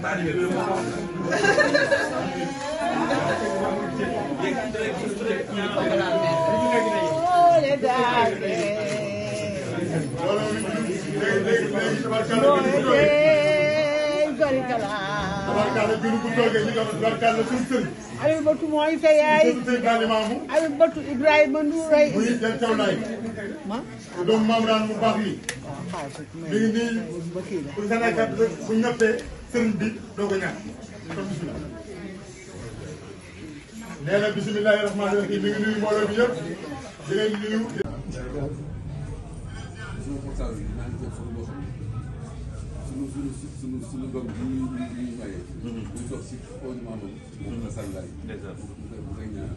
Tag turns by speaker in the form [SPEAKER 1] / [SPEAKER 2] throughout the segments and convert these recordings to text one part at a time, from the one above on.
[SPEAKER 1] Aliou Batou mooy sa yaay. Aliou Batou Ibrahima Ndouraye. muy Jalle Thiaw Laye. te doomu maam daan mu baax mi. mi ngi nii bu ñu sëriñ bi doo ko ñaan kon bisimilah. nee na bisimilahi rahmaani rahiim mi ngi nuyu mbooloo bi yëpp di leen nuyu. suñu portable bi dinaa leen jot foofu boo xam ne suñu suñu suñu doom bi ñu ñu ñu mayee. ñu toog si kaw ñu maanaam. moom la sàngaay. dèjà bu koy bu koy ñaanal.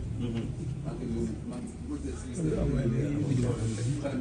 [SPEAKER 1] man man man.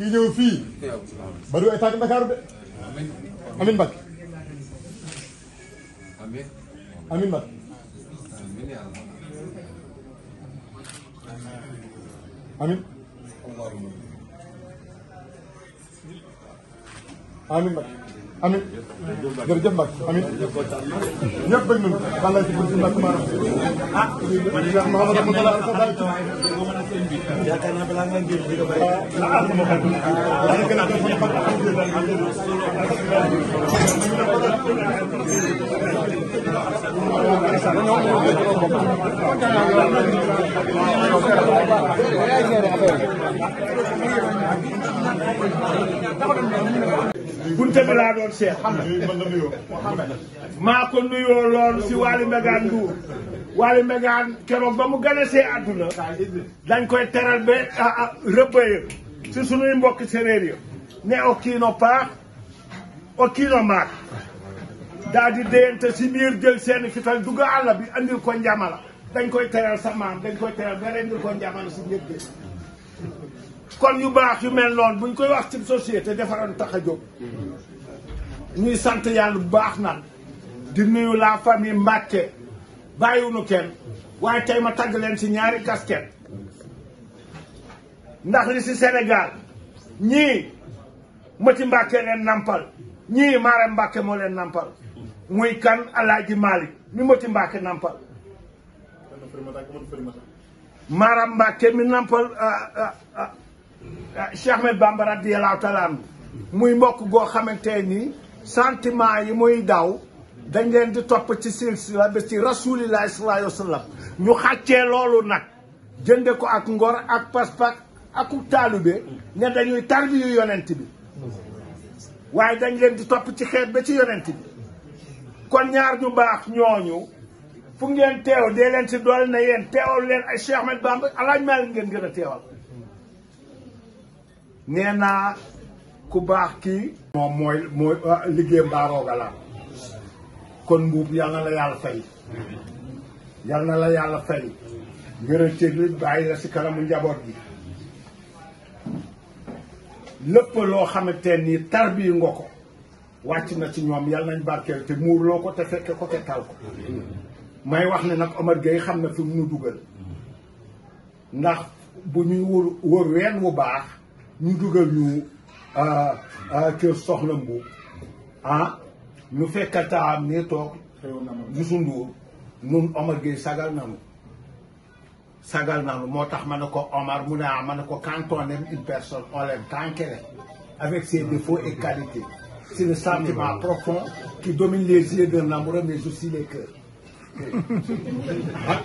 [SPEAKER 1] kii ñëw fii ba du ay tànk amin Mbacke amin Mbacke amin amin Mbacke amin jërëjëf Mbacke amin ñëpp bëgg nañu wàllay ci bëgg Mbacke maanaam ah man Cheikh Mahamadou Ramadala sa baay yaakaar naa balaa nga ngir di ko bàyyi ah, ah sama xel da nga gën a def sama fat ak jël ak jël Thank you. bunte bi laa doon seet maa ko nuyoo si Waly Mbegaan Ndour Waly Mbegaan keroog ba mu ganesee àdduna dañ koy teral ba rëbba yëpp si sunuy mbokki séeréer yi ne o kiino paax maak daal di si biir jël seeni fital dugg àll bi andil ko njamala dañ koy teral sa maam dañ koy teral ba rendil ko njamala si biir kon yu baax yu mel noonu buñ koy wax ci société defaroon tax a jóg ñuy sant yàlla bu baax nag di nuyu la famille Mbacke bàyyiwuñu kenn waaye tey ma tagg leen ci ñaari casquette ndax li ci Sénégal ñii Mati Mbacke nampal ñii Maram Mbacke moo leen nampal muy kan Alaaji Malick mi Mati Mbacke nampal Maram Mbacke mi nampal ah, ah, ah, Ah, Cheikh Ahmed Bamba radiyallahu taala anhu muy mbokk goo xamante ni sentiment yi muy daw dañ leen di topp ci silsila bi ci rasulillahi sallallahu alayhi wa ñu xàccee loolu nag jënde ko ak ngor ak pas-pas ak taalube ne dañuy tarbiyu yonent bi waaye dañ leen di topp ci xeet ba ci yonent bi kon ñaar ñu baax ñooñu fu ngeen teew dee leen ci dool na yéen teewal leen ay Cheikh Ahmed Bamba alaaj maa ngeen gën a teewal nee naa ku baax kii moom mooy mooy ah, liggéey mbaarooga la kon mbuub yal na la yàlla fay yal na la yàlla fay wéral cër kanamu njaboot gi lépp loo xamante ni tarbiyu nga ko wàcc na ci ñoom yal nañ barkeel te muurloo ko te fekke ko te tal ko may wax ne nag Omar Gueye xam na fi mu nu dugal ndax bu ñuy wër wër ween wu baax ñu dugal ñu ah, ah, kër soxna Mbow ah ñu fekk taam ne toog Youssou Ndour nun Omar Gueye sagal nanu sagal nanu moo tax ma ne ko Omar mu ne ah ma ne ko quand on aime une personne on l'aime tant avec ses défauts et qualités c'est le sentiment profond qui domine les yeux d'un amoureux mais aussi les cœurs. Ah,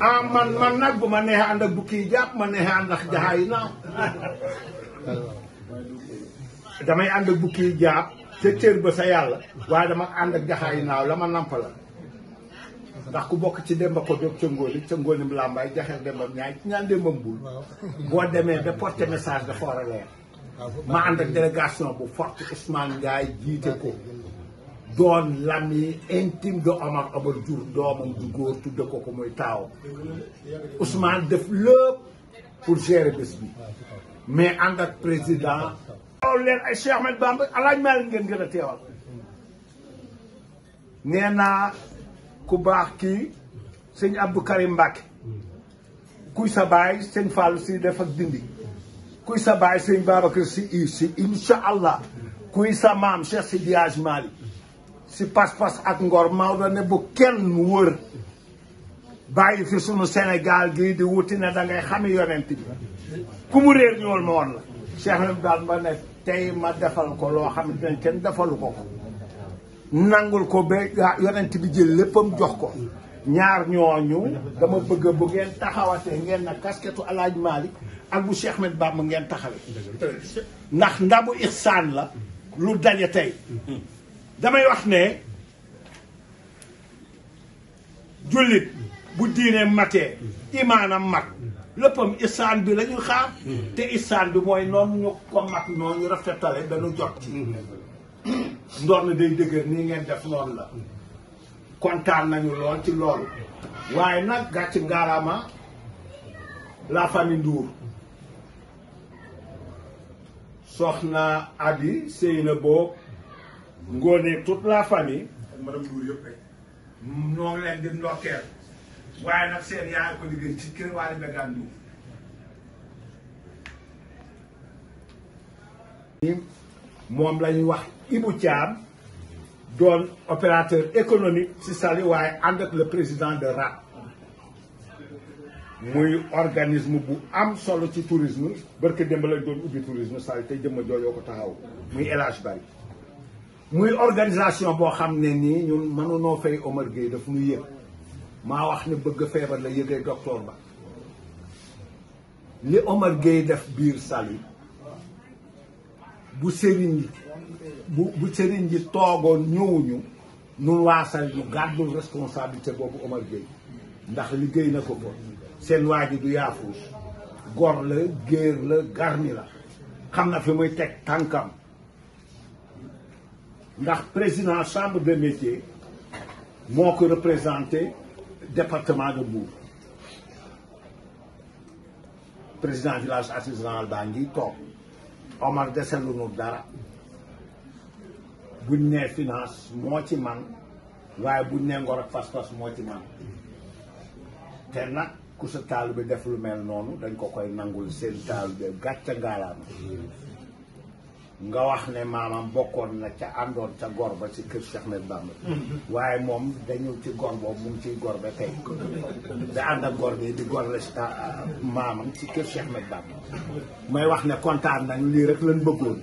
[SPEAKER 1] ah man man nag bu ma neexee ànd ak bukki yi jàpp ma neexee ànd ak jaxaay naaw damay ànd ak bukki yi jàpp cër ba sa yàlla waaye dama ànd ak jaxaay yi naaw la ma nampa la ndax ku bokk ci demba ko dog cëngóoli cëngóolim làmbaay jaxeer dembam ñaay ñaan dembam bul boo demee ba porté message dafa war a leer ah, ma ànd ak délégation bu forte Ousmane Ndiaye jiite ko doon lami intime de Omar Obar Diour doomam du góor tudde ko ko taaw Ousmane def lépp pour gérer bés bi mais ànd ak président loolu leen ay Cheikh Ahmed Bamba alaaj maa leen ngeen gën teewal nee naa ku baax kii sëñ Abdou Karim Mbacke kuy sa baay sëñ Fallou si def ak dindi kuy sa baay sëñ Babacar si i si incha allah kuy sa maam Cheikh Sidi Hadj Malick si pas-pas ak ngor Maodo ne bu kenn wër bàyyi fi sunu Sénégal gii di wuti ne da ngay xami yonent bi ku mu réer ñëwal ma la Cheikh Lam daal ne tey ma defal ko loo xam ne kenn defalu ko ko nangul ko ba yonent bi jël léppam jox ko ñaar ñooñu dama bëgg bu ngeen taxawatee ngeen na kasketu alaaj Malick ak bu Cheikh Ahmed Bamba ngeen taxawee ndax ndabu ixsaan la lu daje tey damay wax ne jullit bu diinee matee imaanam mat léppam isaan bi la ñuy xaar te isaan bi mooy noonu ñu ko mat noonu ñu rafetale ba jot ci na day dëgër nii ngeen def noonu la kontaan nañu lool ci loolu waaye nag gàcc ngaaraama la famille Ndour soxna Abi sëy na boobu Ngoné toute la famille. ak madame Ndour yëpp rek. ñoo ngi moom lañuy wax Ibou Thiam doon opérateur économique ci Saly waaye ànd ak le président de RAP. muy organisme bu am solo ci tourisme barke démb lañ doon ubbi tourisme Saly te jëmma joojoo ko taxaw muy El Bari muy organisation boo xam ne nii ñun mënunoo fay Omar Gueye daf ñu yëg maa wax ne bëgg feebar la yëgee docteur ba li Omar Gueye def biir Saly bu sëriñ yi bu bu sëriñ yi toogoon ñëwuñu ñun waa Saly ñu gàddul responsabilité boobu Omar Gueye ndax liggéey na ko ko seen waa ji du yaafu gor la géer la garmi la xam na fi muy teg tànkam ndax président chambre des métiers moo ko représenté département de Mbour président village artisanal baa ngi toog Omar deselu nu dara buñ nee finance moo ci man waaye buñ nee ngor ak fas-fas moo ci man te nag ku sa taal bi def lu mel noonu dañ ko koy nangul seen taal bi gàcce ngaalaam nga wax ne maamam bokkoon na ca àndoon ca gor ba ci kër Cheikh Ahmed Bamba mhm. waaye moom dañu ci gor boobu mu ngi ciy gor ba tey da ànd ak gor bi di gor la ah, maamam ci kër Cheikh Ahmed mhm. may wax ne kontaan nañu lii rek lañ bëggoon